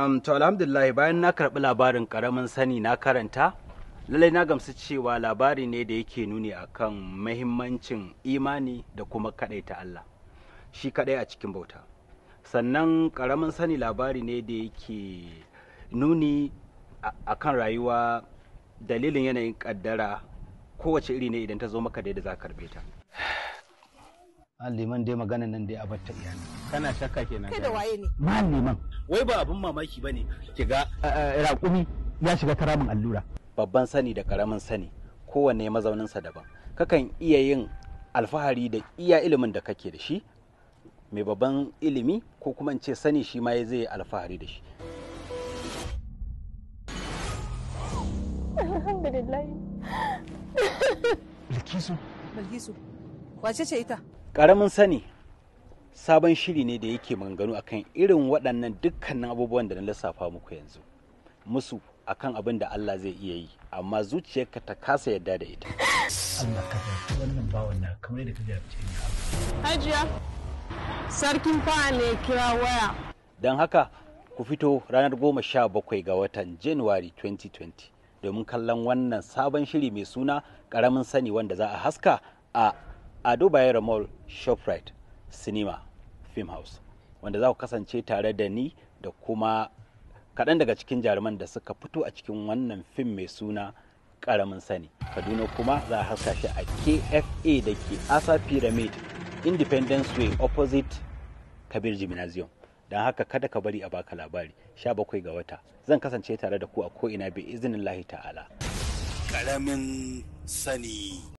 um, to alhamdulillah bayan na karɓi labarin ƙaramin sani na karanta lallai na gamsu cewa labari ne da yake nuni akan mahimmancin imani da kuma ta Allah shi kaɗai a cikin bauta sannan ƙaramin sani labari ne da yake nuni akan rayuwa dalilin yanayin ƙaddara kowace iri ne idan ta zo maka da za ka karɓe ta Ah, liman dai magana nan dai a batta iyali kana shakka kenan kai da waye ne liman wai ba abun mamaki bane kiga ah, ah, raƙumi ya shiga karamin allura babban sani da karamin sani kowanne mazaunin sa daban kakan iya yin alfahari da iya ilimin da kake da shi mai babban ilimi ko kuma in ce sani shi ma zai yi alfahari da shi alhamdulillah bilkisu bilkisu wace ce ita karamin sani sabon shiri ne da yake maganganu akan irin waɗannan dukkanin abubuwan da na lissafa muku yanzu musu akan abin da Allah zai iya yi amma zuciyarka ta kasa yadda da ita Allah Hajiya sarkin fa'a ne kira waya don haka ku fito ranar goma sha bakwai ga watan January 2020 domin kallon wannan sabon shiri mai suna karamin sani wanda za a haska a Ado Mall shoprite cinema film house wanda za ku kasance tare da ni da kuma kaɗan daga cikin jaruman da suka fito a cikin wannan fim mai suna ƙaramin sani kaduna kuma za a haska shi a kfa da ke asa pyramid independence way opposite kabir gymnasium don haka kada ka bari a baka labari sha bakwai ga wata zan kasance tare da ku a ko'ina bi izinin lahi ta'ala ƙaramin sani